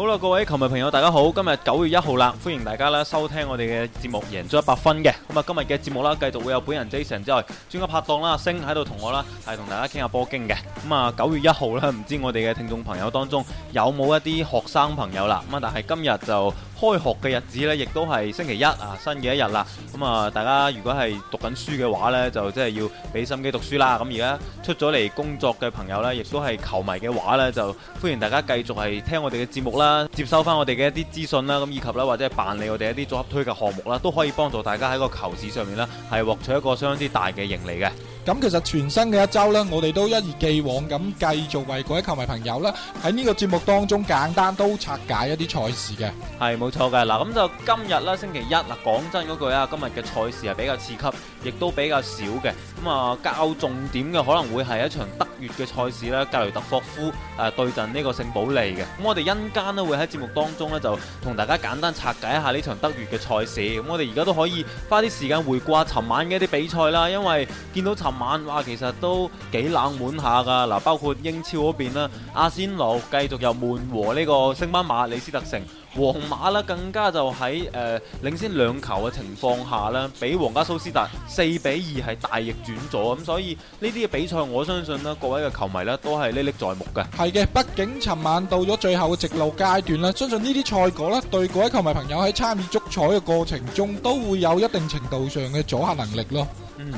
好啦，各位球迷朋友，大家好！今日九月一號啦，歡迎大家啦收聽我哋嘅節目，贏足 100FUN 嘅。咁啊，今日嘅節目啦，繼續會有本人 Jason 之外，專家拍檔啦、啊，星喺度同我啦，係同大家傾下波經嘅。咁啊，九月一號咧，唔知我哋嘅聽眾朋友當中有冇一啲學生朋友啦？咁啊，但係今日就開學嘅日子咧，亦都係星期一啊，新嘅一日啦。咁啊，大家如果係讀緊書嘅話咧，就即係要俾心機讀書啦。咁而家出咗嚟工作嘅朋友咧，亦都係球迷嘅話咧，就歡迎大家繼續係聽我哋嘅節目啦，接收翻我哋嘅一啲資訊啦，咁以及咧或者係辦理我哋一啲組合推介項目啦，都可以幫助大家喺個。投資上面呢，係獲取一個相當之大嘅盈利嘅。咁其實全新嘅一周呢，我哋都一如既往咁繼續為各位球迷朋友咧喺呢個節目當中簡單都拆解一啲賽事嘅，係冇錯嘅。嗱咁就今日啦，星期一嗱，講真嗰句啊，今日嘅賽事係比較刺激，亦都比較少嘅。咁、嗯、啊，較重點嘅可能會係一場德乙嘅賽事啦，格雷特霍夫誒、呃、對陣呢個聖保利嘅。咁我哋一陣間咧會喺節目當中呢，就同大家簡單拆解一下呢場德乙嘅賽事。咁我哋而家都可以花啲時間回顧下尋晚嘅一啲比賽啦，因為見到晚話其實都幾冷門下噶，嗱，包括英超嗰邊啦，阿仙奴繼續有悶和呢個升班馬里斯特城，皇馬啦更加就喺誒領先兩球嘅情況下啦，比皇家蘇斯達四比二係大逆轉咗，咁所以呢啲嘅比賽，我相信咧各位嘅球迷咧都係歷歷在目嘅。係嘅，畢竟尋晚到咗最後嘅直路階段啦，相信呢啲賽果咧對各位球迷朋友喺參與足彩嘅過程中都會有一定程度上嘅阻嚇能力咯。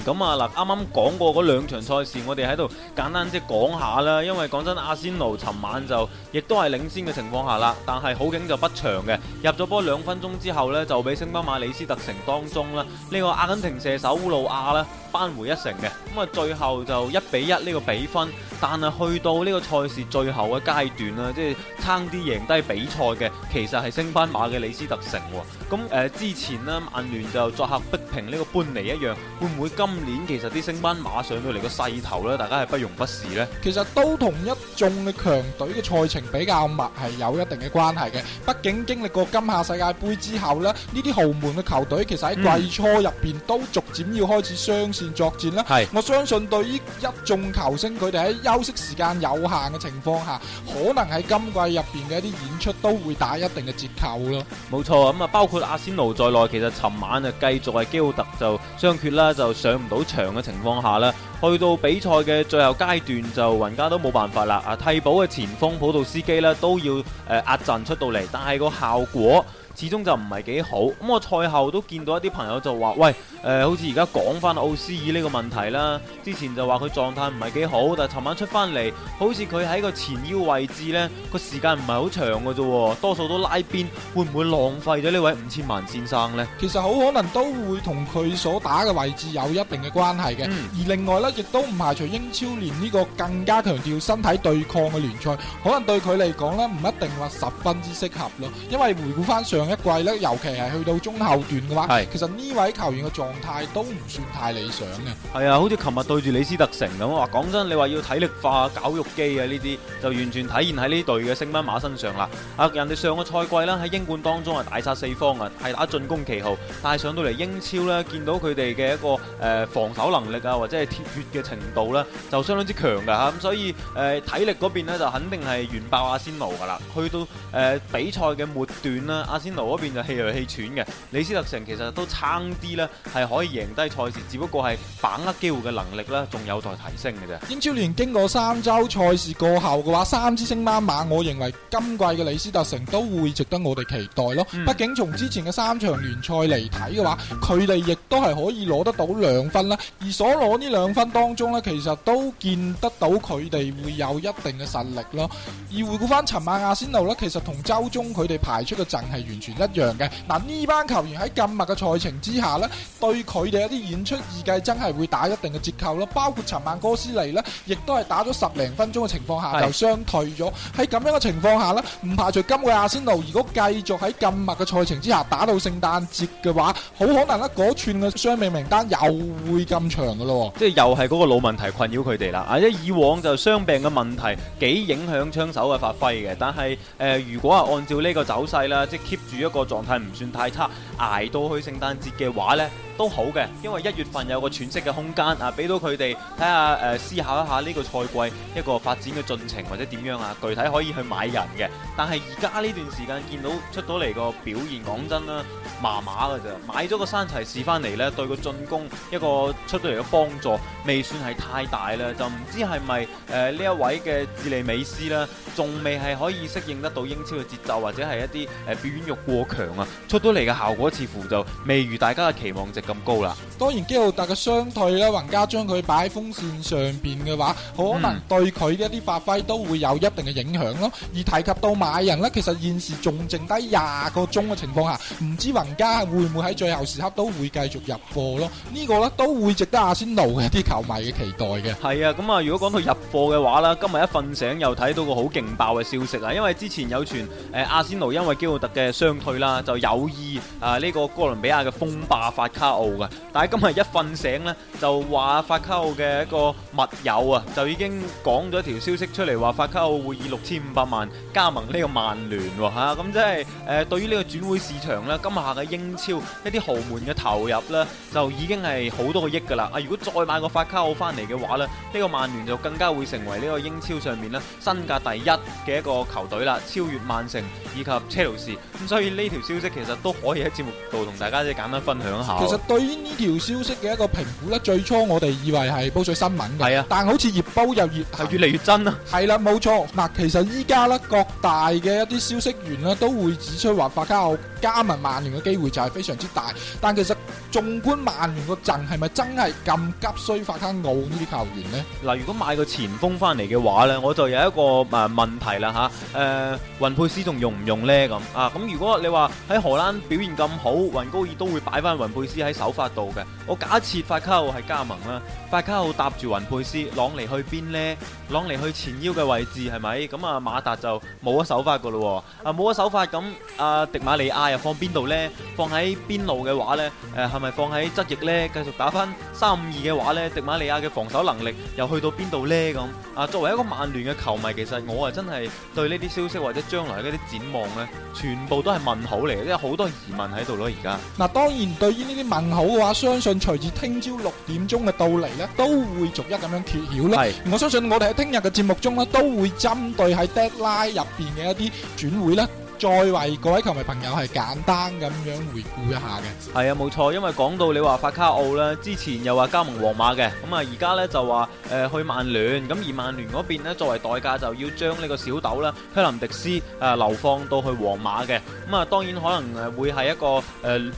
咁、嗯、啊嗱，啱啱講過嗰兩場賽事，我哋喺度簡單即係講下啦。因為講真，阿仙奴尋晚就亦都係領先嘅情況下啦，但係好景就不長嘅，入咗波兩分鐘之後呢，就俾升班馬李斯特城當中啦，呢、這個阿根廷射手烏魯亞啦扳回一城嘅。咁啊，最後就一比一呢個比分，但係去到呢個賽事最後嘅階段啦，即、就、係、是、差啲贏低比賽嘅，其實係升班馬嘅李斯特城喎。咁、呃、之前呢，曼聯就作客逼平呢個般尼一樣，會唔會？今年其實啲升班馬上到嚟個勢頭咧，大家係不容忽視咧。其實都同一眾嘅強隊嘅賽程比較密係有一定嘅關係嘅。畢竟經歷過今夏世界盃之後咧，呢啲豪門嘅球隊其實喺季初入邊都逐漸要開始雙線作戰啦。係，我相信對於一眾球星佢哋喺休息時間有限嘅情況下，可能喺今季入邊嘅一啲演出都會打一定嘅折扣咯。冇錯，咁啊，包括阿仙奴在內，其實尋晚啊繼續係基奧特就傷缺啦，就。上唔到場嘅情況下呢，去到比賽嘅最後階段就人家都冇辦法啦。啊，替補嘅前鋒普杜斯基呢，司都要誒壓陣出到嚟，但係個效果，始終就唔係幾好，咁我賽後都見到一啲朋友就話：喂，誒、呃，好似而家講翻奧斯爾呢個問題啦。之前就話佢狀態唔係幾好，但係尋晚出翻嚟，好似佢喺個前腰位置呢個時間唔係好長嘅啫，多數都拉邊，會唔會浪費咗呢位五千萬先生呢？其實好可能都會同佢所打嘅位置有一定嘅關係嘅。嗯。而另外呢，亦都唔排除英超聯呢個更加強調身體對抗嘅聯賽，可能對佢嚟講呢，唔一定話十分之適合咯。因為回顧翻上上一季咧，尤其係去到中後段嘅話，係其實呢位球員嘅狀態都唔算太理想嘅。係啊，好似琴日對住李斯特城咁，話講真的，你話要體力化、絞肉機啊呢啲，就完全體現喺呢隊嘅升班馬身上啦。啊，人哋上個賽季咧喺英冠當中啊大殺四方啊，係打進攻旗號，但係上到嚟英超咧，見到佢哋嘅一個誒、呃、防守能力啊，或者係鐵血嘅程度咧，就相當之強噶吓。咁所以誒、呃、體力嗰邊咧就肯定係完爆阿仙奴噶啦。去到誒、呃、比賽嘅末段啦，阿仙。嗰邊就氣弱氣喘嘅，李斯特城其實都差啲咧，係可以贏低賽事，只不過係把握機會嘅能力咧，仲有待提升嘅啫。英超聯經過三周賽事過後嘅話，三支升班馬、馬，我認為今季嘅李斯特城都會值得我哋期待咯。嗯、畢竟從之前嘅三場聯賽嚟睇嘅話，佢哋亦都係可以攞得到兩分啦。而所攞呢兩分當中呢，其實都見得到佢哋會有一定嘅實力咯。而回顧翻尋晚阿仙奴呢，其實同周中佢哋排出嘅陣係完。全一樣嘅嗱，呢班球員喺咁密嘅賽程之下咧，對佢哋一啲演出預計真係會打一定嘅折扣咯。包括尋晚哥斯利咧，亦都係打咗十零分鐘嘅情況下就傷退咗。喺咁樣嘅情況下咧，唔排除今個阿仙奴如果繼續喺咁密嘅賽程之下打到聖誕節嘅話，好可能咧，嗰串嘅傷病名單又會咁長嘅咯。即係又係嗰個老問題困擾佢哋啦。啊，即係以往就傷病嘅問題幾影響槍手嘅發揮嘅。但係誒，如果係按照呢個走勢啦，即係 keep。住一個狀態唔算太差，捱到去聖誕節嘅話呢都好嘅，因為一月份有個喘息嘅空間啊，俾到佢哋睇下誒、呃、思考一下呢個賽季一個發展嘅進程或者點樣啊，具體可以去買人嘅。但係而家呢段時間見到出到嚟個表現，講真啦，麻麻嘅咋，買咗個山齊士翻嚟呢，對個進攻一個出到嚟嘅幫助未算係太大啦，就唔知係咪誒呢一位嘅智利美斯呢，仲未係可以適應得到英超嘅節奏，或者係一啲誒、呃、表演欲。過強啊，出到嚟嘅效果似乎就未如大家嘅期望值咁高啦。當然基的，基奧特嘅傷退咧，雲加將佢擺喺風扇上邊嘅話，可能對佢嘅一啲發揮都會有一定嘅影響咯、嗯。而提及到買人呢，其實現時仲剩低廿個鐘嘅情況下，唔知雲加會唔會喺最後時刻都會繼續入貨咯？呢、這個呢，都會值得阿仙奴嘅啲球迷嘅期待嘅。係啊，咁啊，如果講到入貨嘅話啦，今日一瞓醒又睇到一個好勁爆嘅消息啦，因為之前有傳誒、呃、阿仙奴因為基奧特嘅傷退啦，就有意啊呢、呃這個哥倫比亞嘅風霸法卡奧嘅，但今日一瞓醒呢，就話法卡奧嘅一個密友啊，就已經講咗條消息出嚟，話法卡奧會以六千五百萬加盟呢個曼聯喎。咁即係誒對於呢個轉會市場呢，今夏嘅英超一啲豪門嘅投入呢，就已經係好多個億噶啦啊！如果再買個法卡奧翻嚟嘅話呢，呢，呢個曼聯就更加會成為呢個英超上面呢，身價第一嘅一個球隊啦，超越曼城以及車路士。咁所以呢條消息其實都可以喺節目度同大家即係簡單分享下。其實對於呢條消息嘅一個評估咧，最初我哋以為係煲水新聞嘅、啊，但好似越煲又越越嚟越真啊，係啦，冇錯。嗱，其實依家咧，各大嘅一啲消息源咧，都會指出話法卡奧加盟曼聯嘅機會就係非常之大。但其實縱觀曼聯個陣，係咪真係咁急需法卡奧呢啲球員咧？嗱，如果買個前鋒翻嚟嘅話咧，我就有一個問題啦吓，誒、呃，雲佩斯仲用唔用咧咁？啊，咁如果你話喺荷蘭表現咁好，雲高爾都會擺翻雲佩斯喺首發度嘅。我假設法卡奧係加盟啦，法卡奧搭住雲佩斯，朗尼去邊呢？朗尼去前腰嘅位置係咪？咁啊馬達就冇咗手法噶咯喎，啊冇咗手法咁，阿、啊、迪馬利亞又放邊度呢？放喺邊路嘅話呢？誒係咪放喺側翼呢？繼續打翻三五二嘅話呢？迪馬利亞嘅防守能力又去到邊度呢？咁啊，作為一個曼聯嘅球迷，其實我啊真係對呢啲消息或者將來嗰啲展望呢，全部都係問號嚟，嘅。即係好多疑問喺度咯而家。嗱，當然對於呢啲問號嘅話，我相信隨住聽朝六點鐘嘅到嚟咧，都會逐一咁樣揭曉啦。我相信我哋喺聽日嘅節目中咧，都會針對喺 deadline 入邊嘅一啲轉會咧。再為各位球迷朋友係簡單咁樣回顧一下嘅，係啊，冇錯，因為講到你話法卡奧啦，之前又話加盟皇馬嘅，咁啊而家咧就話誒去曼聯，咁而曼聯嗰邊咧作為代價就要將呢個小豆啦，克林迪斯誒、啊、流放到去皇馬嘅，咁啊當然可能誒會係一個誒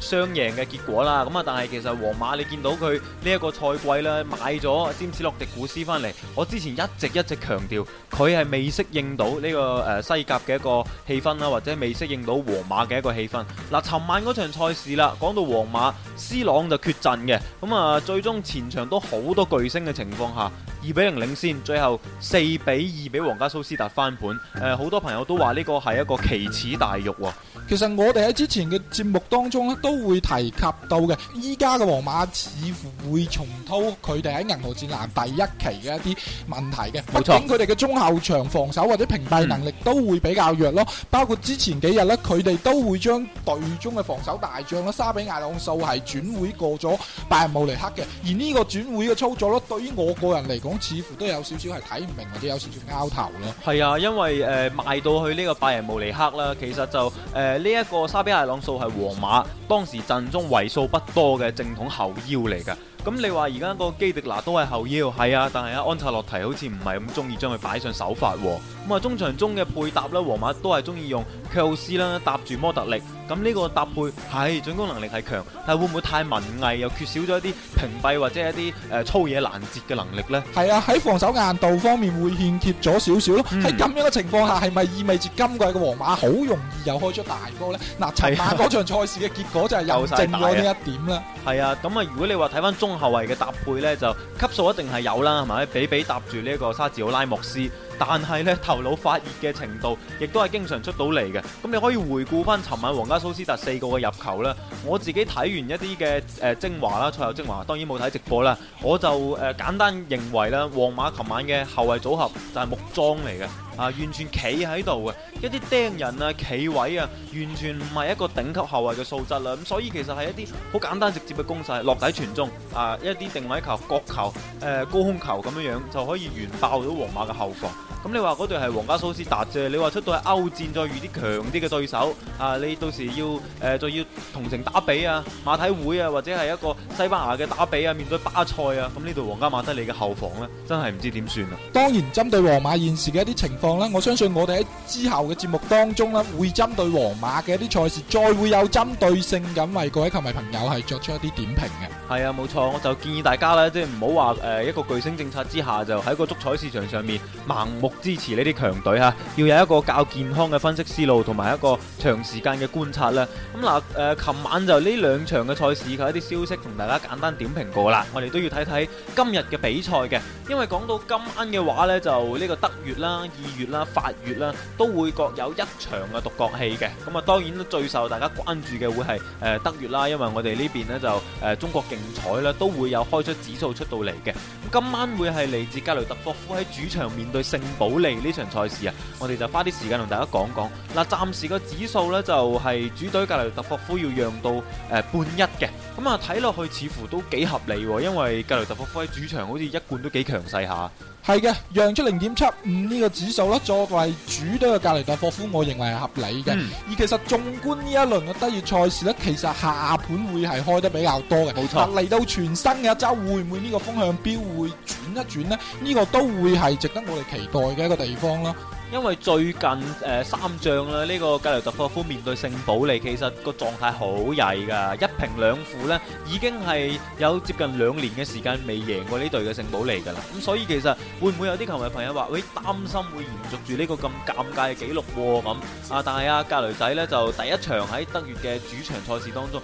雙贏嘅結果啦，咁啊但係其實皇馬你見到佢呢一個賽季咧買咗詹姆斯洛迪古斯翻嚟，我之前一直一直強調佢係未適應到呢個誒西甲嘅一個氣氛啦，或者。未適應到皇馬嘅一個氣氛，嗱、啊，尋晚嗰場賽事啦，講到皇馬 C 朗就缺陣嘅，咁啊，最終前場都好多巨星嘅情況下，二比零領先，最後四比二俾皇家蘇斯達翻盤。誒、呃，好多朋友都話呢個係一個奇恥大辱喎、哦。其實我哋喺之前嘅節目當中咧，都會提及到嘅。依家嘅皇馬似乎會重蹈佢哋喺銀河戰艦第一期嘅一啲問題嘅。冇錯，佢哋嘅中後場防守或者屏蔽能力都會比較弱咯。嗯、包括之前幾日咧，佢哋都會將隊中嘅防守大將咧，沙比亞朗素係轉會過咗拜仁慕尼黑嘅。而呢個轉會嘅操作咧，對於我個人嚟講，似乎都有少少係睇唔明或者有少少拗頭咯。係啊，因為誒賣、呃、到去呢個拜仁慕尼黑啦，其實就誒呢一個沙比艾朗素係皇馬當時陣中為數不多嘅正統後腰嚟嘅。咁你話而家個基迪拿都係後腰，係啊，但係啊安察洛提好似唔係咁中意將佢擺上手法喎。咁啊中場中嘅配搭啦，皇馬都係中意用卡魯斯啦搭住摩特力。咁呢個搭配係、哎、進攻能力係強，但會唔會太文藝又缺少咗一啲屏蔽或者一啲誒、呃、粗野攔截嘅能力呢？係啊，喺防守硬度方面會欠缺咗少少。喺、嗯、咁樣嘅情況下，係咪意味住今季嘅皇馬好容易又開出大波呢？嗱、啊，昨晚嗰場賽事嘅結果就係又證明咗呢一點啦。係 啊，咁啊如果你話睇翻中。後衛嘅搭配呢，就級數一定係有啦，係咪？比比搭住呢個沙治奧拉莫斯，但係呢頭腦發熱嘅程度，亦都係經常出到嚟嘅。咁你可以回顧翻尋晚皇家蘇斯達四個嘅入球啦。我自己睇完一啲嘅誒精華啦，賽後精華，當然冇睇直播啦。我就誒、呃、簡單認為啦，皇馬琴晚嘅後衛組合就係木樁嚟嘅。啊！完全企喺度嘅一啲釘人啊、企位啊，完全唔係一個頂級後衛嘅素質啦。咁所以其實係一啲好簡單直接嘅攻勢，落底傳中啊，一啲定位球、角球、誒、呃、高空球咁樣樣就可以完爆到皇馬嘅後防。咁你話嗰隊係皇家蘇斯達啫，你話出到去歐戰再遇啲強啲嘅對手啊，你到時要誒，呃、再要同城打比啊，馬體會啊，或者係一個西班牙嘅打比啊，面對巴塞啊，咁呢度皇家馬德里嘅後防呢，真係唔知點算啦。當然，針對皇馬現時嘅一啲情況呢，我相信我哋喺之後嘅節目當中呢，會針對皇馬嘅一啲賽事，再會有針對性咁為各位球迷朋友係作出一啲點評嘅。係啊，冇錯，我就建議大家呢，即係唔好話誒一個巨星政策之下就喺個足彩市場上面盲目支持呢啲強隊哈，要有一個較健康嘅分析思路同埋一個長時間嘅觀察啦。咁嗱，誒，琴晚就呢兩場嘅賽事嘅一啲消息同大家簡單點評過啦。我哋都要睇睇今日嘅比賽嘅，因為講到今晚嘅話咧，就呢個德乙啦、意乙啦、法乙啦，都會各有一場嘅獨角戲嘅。咁啊，當然最受大家關注嘅會係誒德乙啦，因為我哋呢邊咧就誒中國競彩咧都會有開出指數出到嚟嘅。咁今晚會係嚟自格雷特霍夫喺主場面對聖堡好利呢場賽事啊！我哋就花啲時間同大家講講嗱，暫時個指數呢，就係主隊格雷特霍夫要讓到半一嘅，咁啊睇落去似乎都幾合理喎，因為格雷特霍夫喺主場好似一貫都幾強勢下。係嘅，讓出零點七五呢個指數啦，作為主隊嘅，格里代霍夫，我認為係合理嘅、嗯。而其實縱觀呢一輪嘅德乙賽事咧，其實下盤會係開得比較多嘅。冇錯，嚟到全新嘅一周，會唔會呢個風向標會轉一轉呢？呢、呢個都會係值得我哋期待嘅一個地方咯。因為最近誒、呃、三仗啦，呢、這個格雷特霍夫面對聖保利，其實個狀態好曳噶，一平兩負呢，已經係有接近兩年嘅時間未贏過呢隊嘅聖保利㗎啦。咁所以其實會唔會有啲球迷朋友話，喂、哎，擔心會延續住呢個咁尷尬嘅記錄喎？咁啊，但係阿、啊、格雷仔呢就第一場喺德乙嘅主場賽事當中，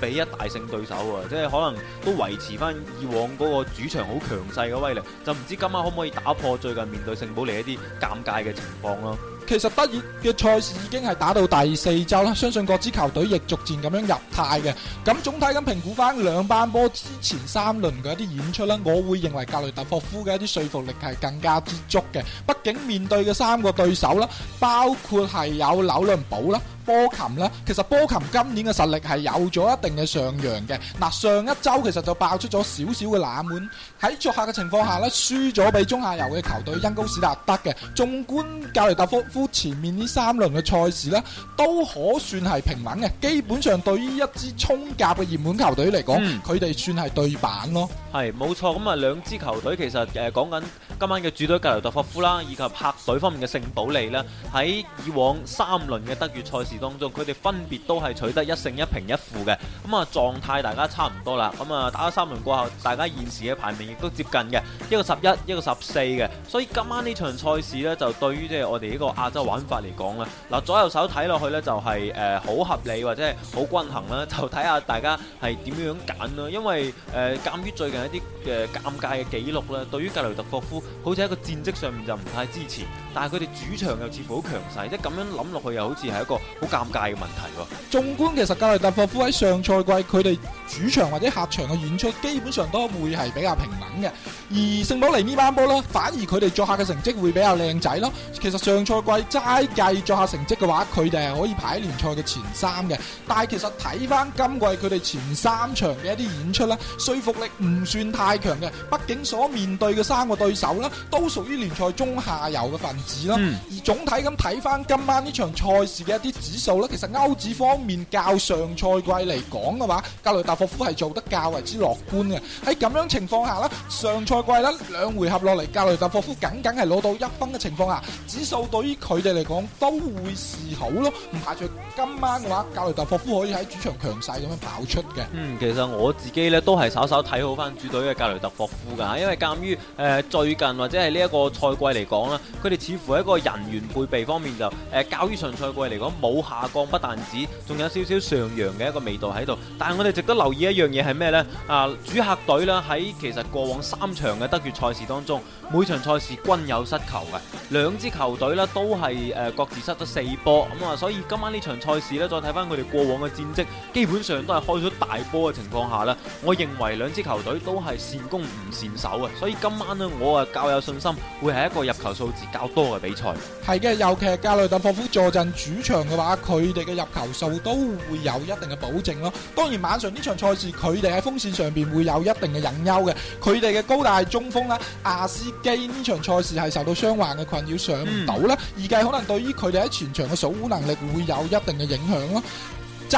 比一大勝對手喎，即係可能都維持翻以往嗰個主場好強勢嘅威力，就唔知今晚可唔可以打破最近面對聖保利一啲尷尬嘅情況咯。其實德乙嘅賽事已經係打到第四週啦，相信各支球隊亦逐漸咁樣入態嘅。咁總體咁評估翻兩班波之前三輪嘅一啲演出啦，我會認為格雷特霍夫嘅一啲說服力係更加之足嘅。畢竟面對嘅三個對手啦，包括係有紐倫堡啦。波琴咧，其實波琴今年嘅實力係有咗一定嘅上揚嘅。嗱，上一周其實就爆出咗少少嘅冷門，喺作客嘅情況下呢，輸咗俾中下游嘅球隊因高斯達德嘅。縱觀格雷迪夫夫前面呢三輪嘅賽事呢，都可算係平穩嘅。基本上對於一支衝甲嘅熱門球隊嚟講，佢、嗯、哋算係對板咯。係，冇錯。咁啊，兩支球隊其實誒講緊今晚嘅主隊格雷迪夫夫啦，以及客隊方面嘅聖保利咧，喺以往三輪嘅德乙賽事，當中佢哋分別都係取得一勝一平一負嘅，咁啊狀態大家差唔多啦。咁啊打咗三輪過後，大家現時嘅排名亦都接近嘅，一個十一，一個十四嘅。所以今晚呢場賽事呢，就對於即係我哋呢個亞洲玩法嚟講啦，嗱，左右手睇落去呢，就係誒好合理或者係好均衡啦。就睇下大家係點樣揀啦，因為誒鑑於最近一啲嘅尷尬嘅紀錄啦，對於格雷特霍夫好似喺個戰績上面就唔太支持，但係佢哋主場又似乎好強勢，即係咁樣諗落去又好似係一個。尷尬嘅問題啊。縱觀其實格雷特霍夫喺上賽季佢哋主場或者客場嘅演出，基本上都會係比較平穩嘅。而聖保利呢班波咧，反而佢哋作客嘅成績會比較靚仔咯。其實上賽季齋計作客成績嘅話，佢哋係可以排聯賽嘅前三嘅。但係其實睇翻今季佢哋前三場嘅一啲演出咧，說服力唔算太強嘅。畢竟所面對嘅三個對手啦，都屬於聯賽中下游嘅份子啦，嗯。而總體咁睇翻今晚呢場賽事嘅一啲。指數呢，其實歐指方面較上賽季嚟講嘅話，格雷塔霍夫係做得較為之樂觀嘅。喺咁樣情況下呢，上賽季呢兩回合落嚟，格雷塔霍夫僅僅係攞到一分嘅情況下，指數對於佢哋嚟講都會是好咯。唔排除今晚嘅話，格雷塔霍夫可以喺主場強勢咁樣爆出嘅。嗯，其實我自己呢都係稍稍睇好翻主隊嘅格雷塔霍夫噶，因為鑒於誒最近或者係呢一個賽季嚟講啦，佢哋似乎喺一個人員配備方面就誒較於上賽季嚟講冇。下降不但止，仲有少少上揚嘅一個味道喺度。但係我哋值得留意一樣嘢係咩咧？啊，主客隊咧喺其實過往三場嘅德甲賽事當中，每場賽事均有失球嘅，兩支球隊咧都係誒、呃、各自失咗四波。咁、嗯、啊，所以今晚呢場賽事咧，再睇翻佢哋過往嘅戰績，基本上都係開咗大波嘅情況下咧，我認為兩支球隊都係善攻唔善守啊。所以今晚咧，我啊較有信心會係一個入球數字較多嘅比賽。係嘅，尤其係格雷特霍夫坐鎮主場嘅話。佢哋嘅入球數都會有一定嘅保證咯。當然晚上呢場賽事，佢哋喺鋒線上邊會有一定嘅隱憂嘅。佢哋嘅高大中鋒啦，阿、啊、斯基呢場賽事係受到傷患嘅困擾上唔到啦，預計可能對於佢哋喺全場嘅守護能力會有一定嘅影響咯。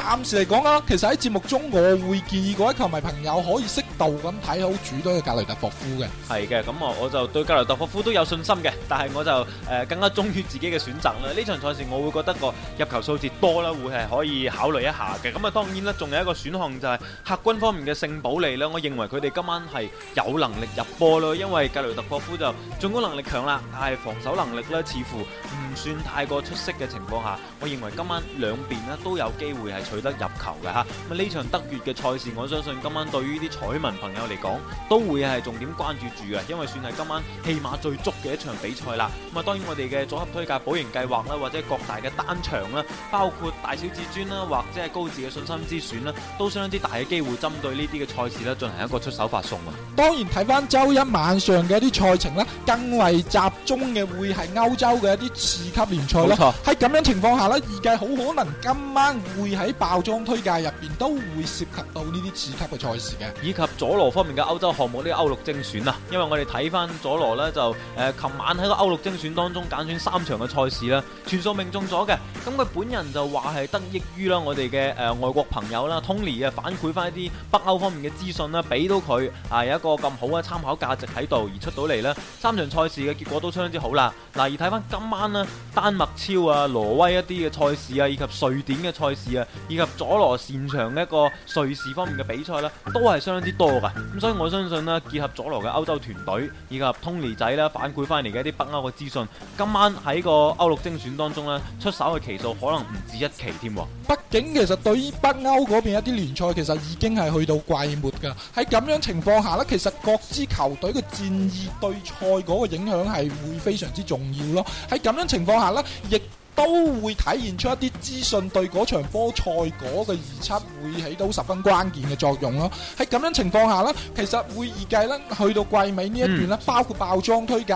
暫時嚟講啦，其實喺節目中我會建議各位球迷朋友可以適度咁睇好主隊嘅格雷特霍夫嘅。係嘅，咁我我就對格雷特霍夫都有信心嘅，但係我就誒更加忠於自己嘅選擇啦。呢場賽事我會覺得個入球數字多啦，會係可以考慮一下嘅。咁啊，當然啦，仲有一個選項就係客軍方面嘅聖保利啦。我認為佢哋今晚係有能力入波啦，因為格雷特霍夫就進攻能力強啦，但係防守能力呢似乎唔唔算太過出色嘅情況下，我認為今晚兩邊咧都有機會係取得入球嘅吓。咁呢場德月嘅賽事，我相信今晚對於啲彩民朋友嚟講，都會係重點關注住嘅，因為算係今晚戲碼最足嘅一場比賽啦。咁啊，當然我哋嘅組合推介保贏計劃啦，或者各大嘅單場啦，包括大小至尊啦，或者係高智嘅信心之選啦，都相當之大嘅機會，針對呢啲嘅賽事咧進行一個出手發送。當然睇翻周一晚上嘅一啲賽程啦，更為集中嘅會係歐洲嘅一啲次級聯賽，冇錯，喺咁樣情況下呢，預計好可能今晚會喺爆莊推介入邊都會涉及到呢啲次級嘅賽事嘅，以及佐羅方面嘅歐洲項目呢，歐陸精選啊，因為我哋睇翻佐羅呢，就誒，琴、呃、晚喺個歐陸精選當中揀選三場嘅賽事啦，全數命中咗嘅，咁佢本人就話係得益於啦我哋嘅誒外國朋友啦，Tony 啊反饋翻一啲北歐方面嘅資訊啦，俾到佢啊有一個咁好嘅參考價值喺度而出到嚟咧，三場賽事嘅結果都相當之好啦，嗱而睇翻今晚呢。丹麥超啊、挪威一啲嘅賽事啊，以及瑞典嘅賽事啊，以及佐羅擅長嘅一個瑞士方面嘅比賽啦、啊，都係相當之多噶。咁所以我相信咧，結合佐羅嘅歐洲團隊，以及通尼仔咧反饋翻嚟嘅一啲北歐嘅資訊，今晚喺個歐陸精選當中咧，出手嘅期數可能唔止一期添、啊。畢竟其實對於北歐嗰邊一啲聯賽，其實已經係去到季末噶。喺咁樣情況下咧，其實各支球隊嘅戰意對賽果嘅影響係會非常之重要咯。喺咁樣情況下，情況下啦，亦都會體現出一啲資訊對嗰場波賽果嘅預測會起到十分關鍵嘅作用咯。喺咁樣情況下啦，其實會預計咧，去到季尾呢一段咧、嗯，包括爆莊推介，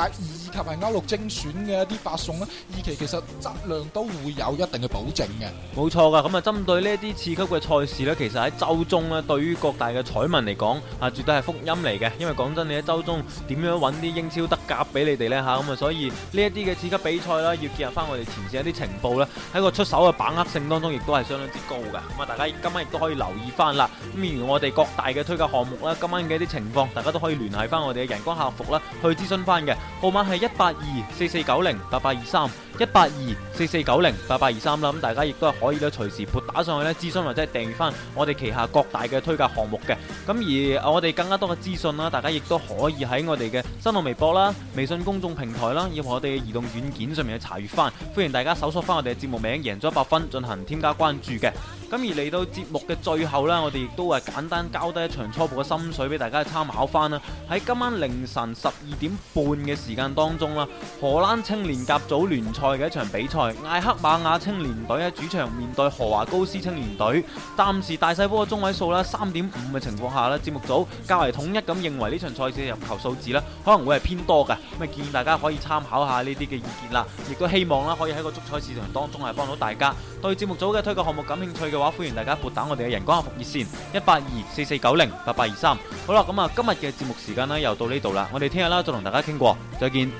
及埋歐陸精選嘅一啲發送咧，二期其實質量都會有一定嘅保證嘅。冇錯噶，咁啊針對呢一啲次級嘅賽事咧，其實喺周中咧，對於各大嘅彩民嚟講啊，絕對係福音嚟嘅。因為講真，你喺周中點樣揾啲英超德甲俾你哋咧吓？咁啊，所以呢一啲嘅次級比賽啦，要結合翻我哋前線一啲情報咧，喺個出手嘅把握性當中，亦都係相當之高噶。咁啊，大家今晚亦都可以留意翻啦。咁而我哋各大嘅推介項目啦，今晚嘅一啲情況，大家都可以聯繫翻我哋嘅人工客服啦，去諮詢翻嘅號碼係一。一八二四四九零八八二三，一八二四四九零八八二三啦，咁大家亦都係可以咧，隨時撥打上去咧諮詢或者係訂閱翻我哋旗下各大嘅推介項目嘅。咁而我哋更加多嘅資訊啦，大家亦都可以喺我哋嘅新浪微博啦、微信公眾平台啦，以及我哋嘅移動軟件上面去查閱翻。歡迎大家搜索翻我哋嘅節目名《贏足 100FUN》，進行添加關注嘅。咁而嚟到節目嘅最後啦，我哋亦都係簡單交低一場初步嘅心水俾大家參考翻啦。喺今晚凌晨十二點半嘅時間當中啦，荷蘭青年甲組聯賽嘅一場比賽，艾克馬亞青年隊喺主場面對荷華高斯青年隊，暫時大細波嘅中位數啦三點五嘅情況下呢，節目組較為統一咁認為呢場賽事嘅入球數字啦可能會係偏多嘅，咁啊建議大家可以參考下呢啲嘅意見啦，亦都希望啦可以喺個足彩市場當中係幫到大家對節目組嘅推介項目感興趣嘅話，歡迎大家撥打我哋嘅人工客服熱線一八二四四九零八八二三。好啦，咁啊，今日嘅節目時間呢又到呢度啦，我哋聽日啦再同大家傾過，再見。